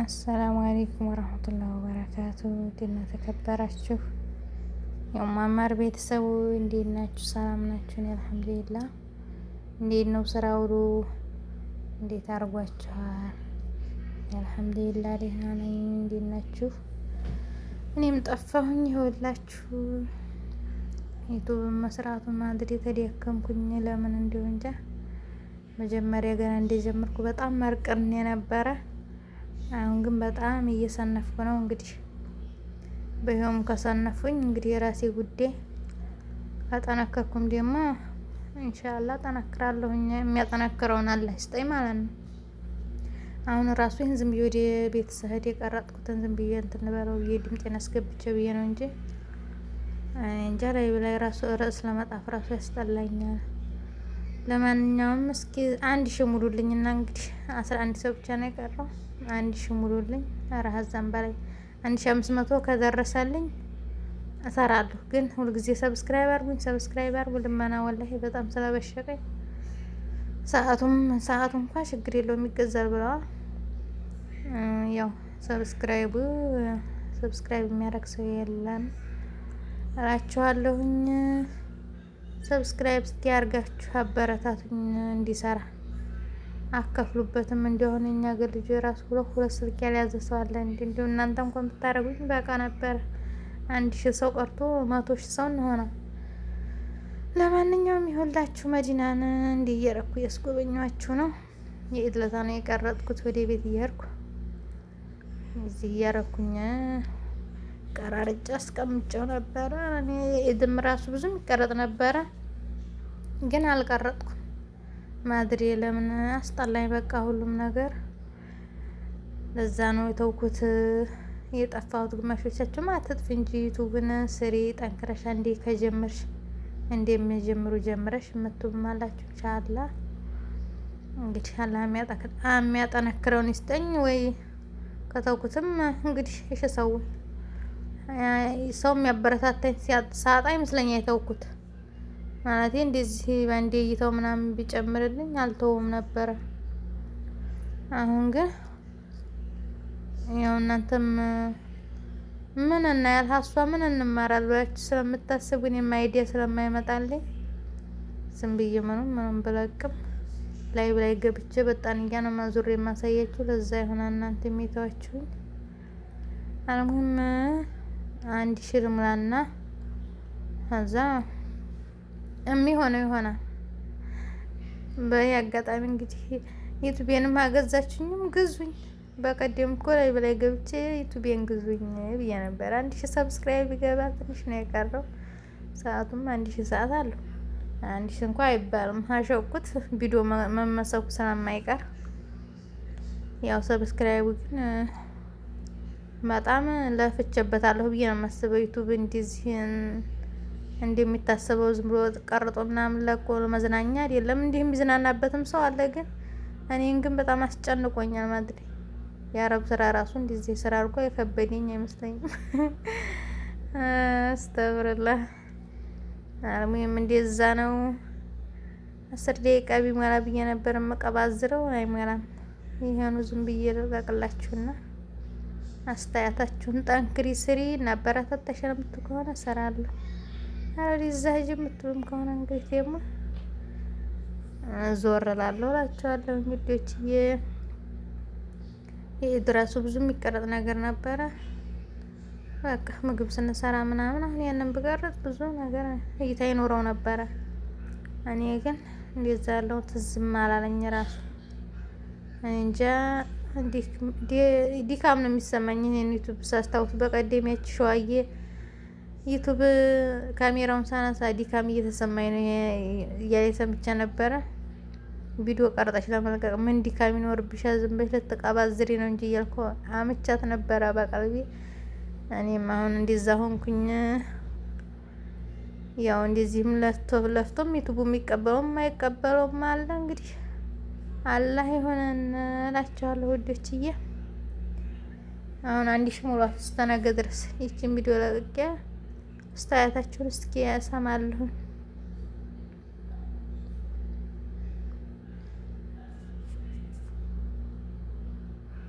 አሰላሙ አሌይኩም ወረህመቱላህ ወበረካቱ ድና ተከበራችሁ የማማር ቤተሰቡ እንዴት ናችሁ? ሰላም ናችሁን? አልሐምዱሊላ። እንዴት ነው ስራ ውሎ እንዴት አድርጓችኋል? አልሐምዱሊላ ደህና ነኝ። እንዴት ናችሁ? እኔም ጠፋሁኝ ይኸውላችሁ ዩቱብን መስራቱን አንድ የተደከምኩኝ ለምን እንዲሁ እንጃ። መጀመሪያ ገና እንደጀመርኩ በጣም መርቅን የነበረ አሁን ግን በጣም እየሰነፍኩ ነው። እንግዲህ በይኸውም ከሰነፉኝ እንግዲህ የራሴ ጉዳይ። አጠነከርኩም ደግሞ እንሻላ አጠናክራለሁ። የሚያጠናክረውን አላህ ይስጠኝ ማለት ነው። አሁን ራሱ ይህን ዝም ብዬ ወደ ቤት ስሄድ የቀረጥኩትን ዝም ብዬ እንትን በለው ብዬ ድምጤን አስገብቼ ብዬ ነው እንጂ እንጀራ ላይ ራሱ ርዕስ ለመጣፍ ራሱ ያስጠላኛል። ለማንኛውም እስኪ አንድ ሙሉልኝ እና እንግዲህ አስራ አንድ ሰው ብቻ ነው የቀረው። አንድ ሺ ሙሉልኝ። ረሀዛን በላይ አንድ ሺ አምስት መቶ ከደረሰልኝ እሰራለሁ። ግን ሁልጊዜ ሰብስክራይብ አርጉኝ፣ ሰብስክራይብ አርጉ። ልመና ወላሂ በጣም ስለበሸቀኝ ሰዓቱም ሰዓቱ እንኳ ችግር የለውም ይገዛል ብለዋል። ያው ሰብስክራይቡ ሰብስክራይብ የሚያደርግ ሰው የለም እላችኋለሁኝ። ሰብስክራይብ እስቲ ያርጋችሁ አበረታቱኝ እንዲሰራ አከፍሉበትም እንደሆነ እኛ ገር ልጅ የራሱ ሁለት ሁለት ስልክ ያልያዘ ሰው አለ። እንዲ እንዲሁ እናንተ እንኳን ብታደረጉኝ በቃ ነበር። አንድ ሺህ ሰው ቀርቶ መቶ ሺህ ሰው እንሆነው። ለማንኛውም ይኸውላችሁ መዲናን እንዲህ እየረኩ እያስጎበኟችሁ ነው። የኢድለታ ነው የቀረጥኩት። ወደ ቤት እየሄድኩ እዚህ እያረኩኝ ቀራርጬ አስቀምጬው ነበረ። እኔ ኢድም ራሱ ብዙ የሚቀረጥ ነበረ፣ ግን አልቀረጥኩም። ማድሬ ለምን አስጠላኝ፣ በቃ ሁሉም ነገር ለዛ ነው የተውኩት የጠፋሁት። ግማሾቻቸው ማትጥፍ እንጂ ዩቱብን ስሪ ጠንክረሻ እንዴ ከጀመርሽ የሚጀምሩ ጀምረሽ የምትሉም አላችሁ። ቻላ እንግዲህ አላ የሚያጠነክረውን ይስጠኝ ወይ ከተውኩትም እንግዲህ እሺ ሰው የሚያበረታታኝ ሳጣ ይመስለኛል የተውኩት። ማለቴ እንደዚህ በአንዴ እይተው ምናምን ቢጨምርልኝ አልተውም ነበረ። አሁን ግን ያው እናንተም ምን እናያል ሀሷ ምን እንማራል ብላችሁ ስለምታስብ ግን የማይዲያ ስለማይመጣልኝ ዝም ብዬ ምኑም ብለቅም ላይ ላይ ገብቼ በጣም እያነ ማዙር የማሳያችሁ ለዛ ይሆናል እናንተ የሚተዋችሁኝ አለሙም አንድ ሽርምላና ርምላና ከዛ የሚሆነው ይሆናል። በይ አጋጣሚ እንግዲህ ዩቱቤንም አገዛችኝም ግዙኝ። በቀደም እኮ ላይ በላይ ገብቼ ዩቱቤን ግዙኝ ብዬ ነበር። አንድ ሺህ ሰብስክራይብ ይገባ ትንሽ ነው የቀረው። ሰዓቱም አንድ ሺህ ሰዓት አለው። አንድ ሺ እንኳ አይባልም። አሸቁት ቪዲዮ መመሰኩ ስለማይቀር ያው ሰብስክራይቡ ግን በጣም ለፍቼበታለሁ ብዬ ነው የማስበው። ዩቱብ እንደዚህ እንደሚታሰበው ዝም ብሎ ቀርጦ ምናምን ለቆ መዝናኛ አይደለም። እንዲህ የሚዝናናበትም ሰው አለ። ግን እኔን ግን በጣም አስጨንቆኛል ማለት የአረብ ስራ ራሱ እንደዚህ ስራ አድርጎ የከበደኝ አይመስለኝም። አስተብርላ አልሙም እንደዛ ነው። አስር ደቂቃ ቢሞላ ብዬ ነበር መቀባዝረው አይሞላም። ይሄኑ ዝም ብዬ ልቀቅላችሁና አስተያየታችሁን ጠንክሪ፣ ስሪ እና አበረታታሽ የምትሉ ከሆነ እሰራለሁ። አረ ይዛጅ የምትሉም ከሆነ እንግዲህ ደግሞ ዞር እላለሁ እላችኋለሁ። እንግዲህ የድራሱ ብዙ የሚቀረጥ ነገር ነበረ። በቃ ምግብ ስንሰራ ምናምን አሁን ያንን ብቀረጥ ብዙ ነገር እይታ ይኖረው ነበረ። እኔ ግን እንደዛ ያለው ትዝም አላለኝ ራሱ እንጃ ዲካም ነው የሚሰማኝ ይሄን ዩቱብ ሳስታውስ። በቀደም ያች ሸዋዬ ዩቱብ ካሜራውን ሳነሳ ዲካም እየተሰማኝ ነው እያለ ሰምቼ ነበረ። ቪዲዮ ቀርጠሽ ለመልቀቅ ምን ዲካም ይኖርብሻል? ዝም ብለሽ ልትቀባዝሪ ነው እንጂ እያልኩ አምቻት ነበረ በቀልቤ። እኔም አሁን እንደዛ ሆንኩኝ። ያው እንደዚህም ለፍቶ ለፍቶም ዩቱቡ የሚቀበለውም የማይቀበለውም አለ እንግዲህ አላህ የሆነን እላቸዋለሁ ውዶችዬ። አሁን አንድ ሺህ ሙሉ አስተናገድ ድረስ ይቺን ቪዲዮ ለቅቄ አስተያየታችሁን እስኪ ያሰማለሁ።